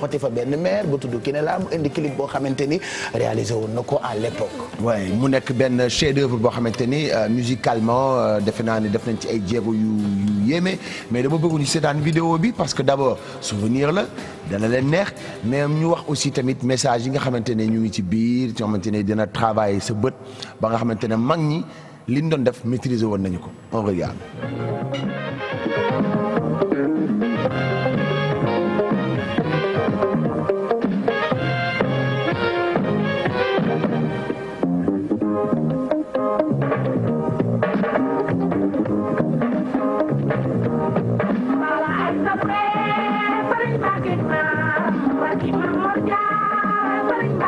xotti fa benn maire bu tudd Kiné la mu indi clip boo xamante ni réalisé woon na ko à l'époque. waaye mu nekk benn chef d'œuvre boo xamante ni euh, musicalement euh, defe naa ne def nañ ci ay jéego yu yu yéeme mais dama bëgg ñu seetaan vidéo bi parce que d'abord souvenir la dana leen neex mais ñu wax aussi tamit message yi nga xamante ne ñu ngi ci biir ci xamante ne dina travailler sa bët ba nga xamante ne mag ñi liñ doon def maîtriser woon nañu ko on regarde.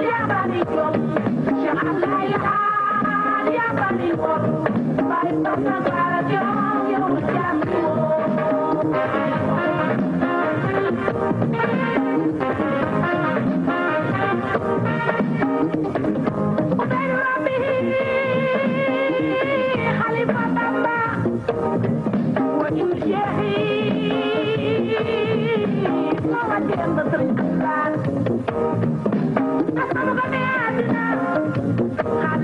Bye.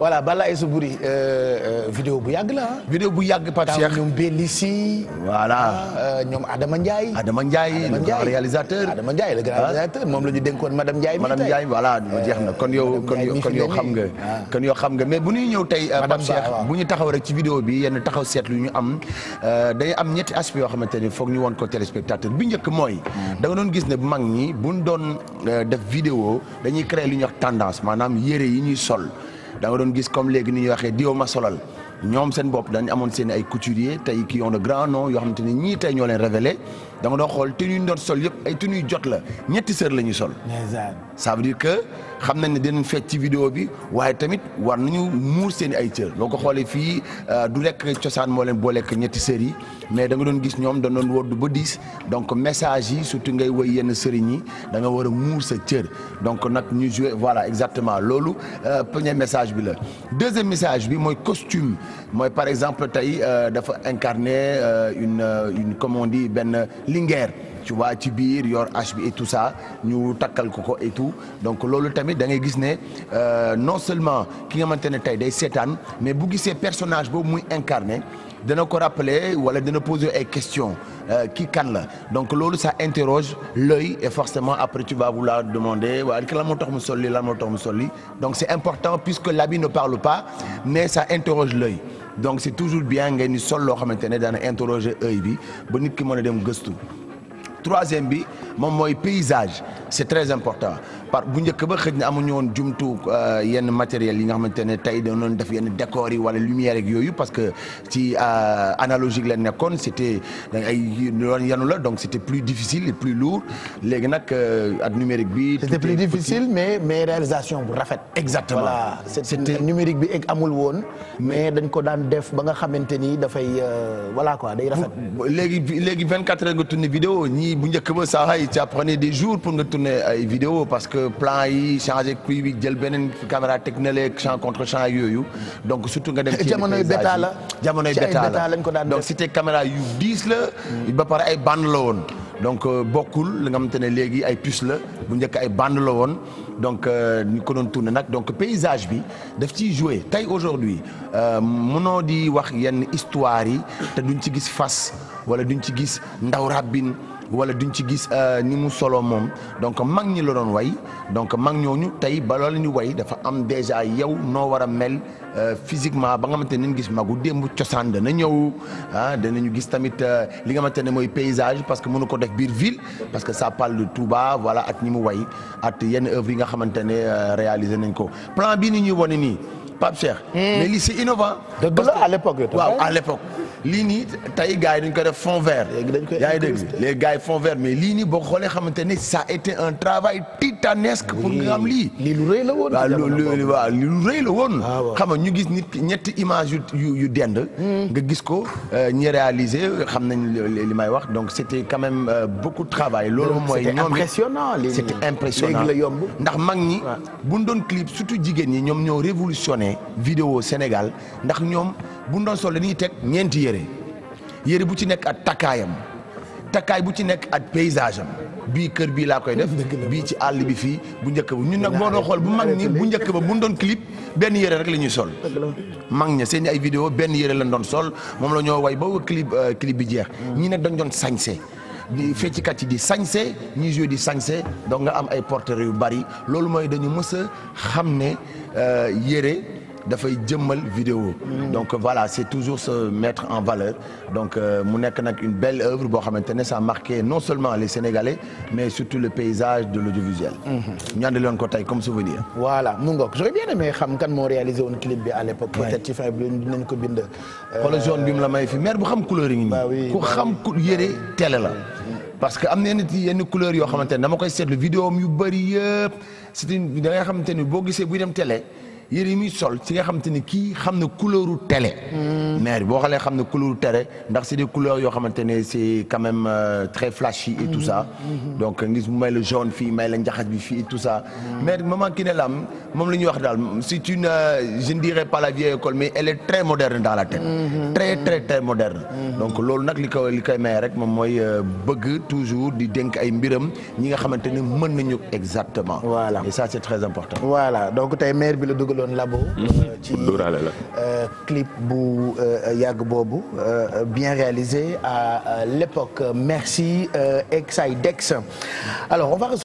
voilà bala Aïssa Boury euh, euh, vidéo bu yàgg la ah. vidéo bu yàgg Pape Cheikh ñoom Bélissi voilà ah, euh, ñoom Adama Ndiaye Adama Ndiaye le grand réalisateur Adama Ndiaye le grand ah. réalisateur moom la ñu dénkoon madame Ndiaye madame Ndiaye voilà jeex na kon yow kon yow kon yow xam nga kon yow xam nga mais bu ñuy ñëw tey Pape Cheikh bu ñu taxaw rek ci vidéo bi yenn taxaw seetlu ñu am day am ñetti aspect yoo xamante ni foog ñu woon ko téléspectateur bi njëkk mooy hmm. da nga doon gis ne bu mag ñi buñ doon def vidéo dañuy créer lu ñuy wax tendance maanaam yére yi ñuy sol da doon gis comme léegi ni ñuy waxee diw ma solal ñoom seen bopp dañ amoon seen ay couturier tey qui ont de grands noms yoo xamante ni ñii tey ñoo leen révélé dama doon xool tenue ñu doon sol yëpp ay tenue jot la ñetti sër lañuy sol. ça veut dire que xam nañ ne dinañ fekk ci vidéo bi waaye tamit war nañu muur seen ay cër loo ko xoolee fii euh, du rekk cosaan moo leen booleek ñetti sër yi mais da doon gis ñoom da doon wodd ba diis donc message yi surtout ngay woy yenn sëriñ yi da war a muur sa cër donc nag ñu voilà exactement loolu euh, premier message bi la. deuxième message bi mooy costume mooy par exemple tey euh, dafa incarner une une comment on benn. Linguère tu vois ci biir yor hache bi et tout ça ñu takkal ko ko et tout donc loolu tamit da ngay gis ne euh, non seulement ki nga xamante ne tey day seetaan mais bu gisee personnage boobu muy incarné dana ko rappeler wala dana poser ay questions euh, kii kan la donc loolu ça interroge l'œil et forcément après tu vas vouloir demander waaye lan moo tax mu solli lan moo tax mu solli donc c'est important puisque l'habit ne parle pas mais ça interroge l'œil donc c'est toujours bien ngeen ni sol loo xamante ne daana interroger œil bi ba nit ki mën a dem gëstu troisième bi moom mooy paysage c'est très important par bu njëkk ba xëj na amuñu woon jumtu euh, yenn matériel yi nga xamante ne tey danoon def yenn décors yi wala lumière ak yooyu parce que ci euh, analogique la nekkoon c'était euh, ay loolu yanu la donc c'était plus difficile et plus lourd léegi nag ak numérique bi. c'était plus difficile mais mais réalisation bu rafet. exactement voilà c'était numérique bi egg amul woon. mais dañ ko daan def ba nga xamante ni dafay voilà quoi day rafet. léegi léegi 24 heures nga tourné vidéo ñii bu njëkk ba saa ça prenait des jours pour nga tourner ay euh, vidéo parce que plan yi changé qui bi jël beneen caméra teg na leeg champ contre champ yooyu donc surtout nga def ci jamonoy beta la jamonoy ko daan donc c'était caméra yu diis la ba pare ay bande la woon donc euh, bokkul li nga xamante ne léegi ay puce la bu njëkk ay bande la woon donc ñu euh, ko doon tourné nag donc paysage bi daf ci joué tey aujourd'hui noo di wax yenn histoire yi te duñ ci gis fas wala duñ ci gis ndaw rabbin wala duñ ci gis euh, ni mu solo moom donc mag ñi la doon way donc mag ñooñu tey ba loola ni way dafa am déjà yow noo war a mel euh, physiquement ba nga xamante ne gis magu démb cosaan dana ñëw ah danañu gis tamit euh, li nga xamante ne mooy paysage parce que mënu ko def biir ville parce que ça parle de Touba voilà ak ñi mu way at yenn œuvre yi nga xamante ne réalisé nañ ko plan bii ni ñuy wane nii Pape Cheikh. Hmm. mais innovant. dëgg la à l'époque waaw à l'époque lii nii tey gars yi dañ ko def fond vert. yaa ngi dégg les gars yi fond vert mais lii nii boo xoolee xamante ne ça a été un travail titanesque. pour nga am lii lii lu rëy la woon. waaw lu rëy la woon. Ah, xam ñu gis nit ñetti image yu yu dend. Hmm. nga gis ko euh, ñi réalisé xam nañ li may wax donc c' était quand même euh, beaucoup de travail. loolu mooy ñoom it c' était impressionnant léegi la yomb ndax mag ñi. bu ñu doon clip surtout jigéen ñi ñoom ñoo révolutionné vidéo Sénégal ndax ñoom. bu ñu doon sol dañuy teg ñeenti yére yére bu ci nekk ak takkaayam takkaay bu ci nekk ak paysage am bii kër bii laa koy def bii ci àll bi fii bu njëkk ba ñun nag boo doon xool bu mag ñi bu njëkk ba bu ñu doon clip benn yére rek la ñuy sol mag ña seen ay vidéo benn yére lañ doon sol moom la ñoo way ba clip euh, clip bi jeex mm. ñi nag dañ doon sañse di feccikat yi di sañse ñuy joué di sañse donc nga am ay porteurs yu bari loolu mooy dañu mës a xam ne euh, yére dafay jëmmal vidéo donc voilà c'est toujours se mettre en valeur donc euh, mu nekk nag une belle œuvre boo xamante ne ça a non seulement les Sénégalais mais surtout le paysage de l'audiovisuel mhm. ñu andi ko tey comme souvenir voilà mu ngoog j'aurais bien aimé xam kan moo réalisé woon clip bi a l'époque peut-être ci fin bi dinañ ko bind euh, xoolal zone bi mu la may fi maire bu xam couleur yi ngi ku xam ku télé la parce que am na yenn yenn couleur yoo xamante ne dama koy seetlu vidéo am yu bëri yëpp nga xamante ni boo gisee buy dem télé yére yi muy sol ci nga xam te ne kii xam na couleuru télé. Hmm. maire boo xoolee xam na couleuru télé ndax c'est des couleurs yoo xamante ne c'est quand même euh, très flashy et tout hmm. ça. Hmm. donc ngis mu may la jaune fii may la njaxas bi fii et tout ça. mais maman ne Lam moom la ñuy wax daal c'est une euh, je ne dirais pas la vieille école mais elle très moderne dans la tête. très très très moderne. donc loolu nag li koy li koy may rek moom mooy euh, bëgg toujours di dénk ay mbiram ñi nga xamante m mën nañu exactement. voilà et ça doon labo. Mhm. Euh, ci euh, clip bu euh, yàgg boobu bien réalisé à l'époque merci Exaidex alors on va